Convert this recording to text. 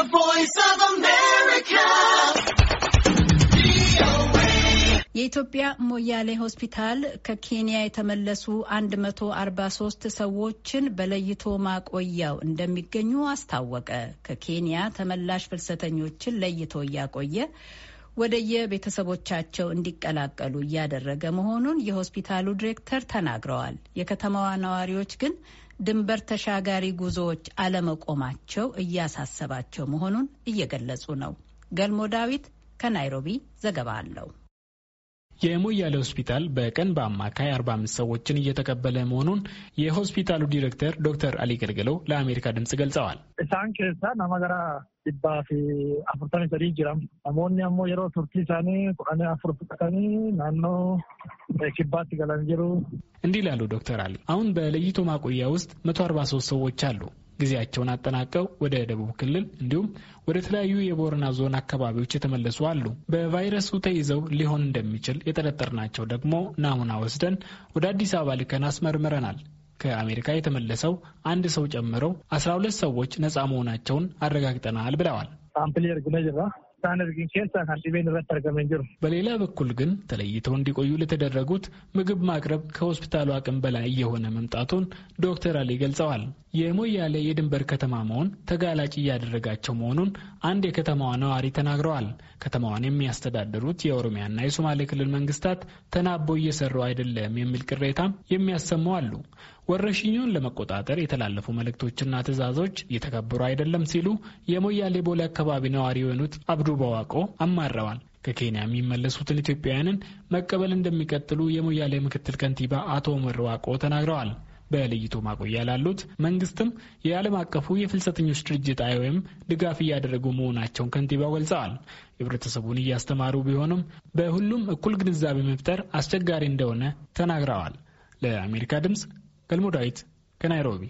The Voice of America. የኢትዮጵያ ሞያሌ ሆስፒታል ከኬንያ የተመለሱ 143 ሰዎችን በለይቶ ማቆያው እንደሚገኙ አስታወቀ። ከኬንያ ተመላሽ ፍልሰተኞችን ለይቶ እያቆየ የቤተሰቦቻቸው እንዲቀላቀሉ እያደረገ መሆኑን የሆስፒታሉ ዲሬክተር ተናግረዋል። የከተማዋ ነዋሪዎች ግን ድንበር ተሻጋሪ ጉዞዎች አለመቆማቸው እያሳሰባቸው መሆኑን እየገለጹ ነው። ገልሞ ዳዊት ከናይሮቢ ዘገባ አለው። የሞያሌ ሆስፒታል በቀን በአማካይ 45 ሰዎችን እየተቀበለ መሆኑን የሆስፒታሉ ዲሬክተር ዶክተር አሊ ገልገለው ለአሜሪካ ድምፅ ገልጸዋል። Isaan keessaa nama gara dhibbaa fi afurtamii sadii jiran namoonni ammoo yeroo turtii isaanii kudhanii afur fudhatanii naannoo eh, kibbaatti galan jiru። እንዲህ ይላሉ ዶክተር አሊ። አሁን በለይቶ ማቆያ ውስጥ መቶ አርባ ሶስት ሰዎች አሉ ጊዜያቸውን አጠናቀው ወደ ደቡብ ክልል እንዲሁም ወደ ተለያዩ የቦረና ዞን አካባቢዎች የተመለሱ አሉ። በቫይረሱ ተይዘው ሊሆን እንደሚችል የጠረጠርናቸው ደግሞ ናሙና ወስደን ወደ አዲስ አበባ ልከን አስመርምረናል። ከአሜሪካ የተመለሰው አንድ ሰው ጨምሮ አስራ ሁለት ሰዎች ነፃ መሆናቸውን አረጋግጠናል ብለዋል። በሌላ በኩል ግን ተለይተው እንዲቆዩ ለተደረጉት ምግብ ማቅረብ ከሆስፒታሉ አቅም በላይ እየሆነ መምጣቱን ዶክተር አሊ ገልጸዋል። የሞያሌ የድንበር ከተማ መሆን ተጋላጭ እያደረጋቸው መሆኑን አንድ የከተማዋ ነዋሪ ተናግረዋል። ከተማዋን የሚያስተዳድሩት የኦሮሚያና የሶማሌ ክልል መንግስታት ተናቦ እየሰሩ አይደለም የሚል ቅሬታም የሚያሰሙ አሉ። ወረሽኙን ለመቆጣጠር የተላለፉ መልእክቶችና ትዕዛዞች እየተከበሩ አይደለም ሲሉ የሞያሌ ቦሌ አካባቢ ነዋሪ የሆኑት አብዱ በዋቆ አማረዋል። ከኬንያ የሚመለሱትን ኢትዮጵያውያንን መቀበል እንደሚቀጥሉ የሞያሌ ምክትል ከንቲባ አቶ ምር ዋቆ ተናግረዋል። በለይቶ ማቆያ ላሉት መንግስትም የዓለም አቀፉ የፍልሰተኞች ድርጅት አይኦኤም ድጋፍ እያደረጉ መሆናቸውን ከንቲባው ገልጸዋል። ህብረተሰቡን እያስተማሩ ቢሆንም በሁሉም እኩል ግንዛቤ መፍጠር አስቸጋሪ እንደሆነ ተናግረዋል። ለአሜሪካ ድምፅ ገልሞ ዳዊት ከናይሮቢ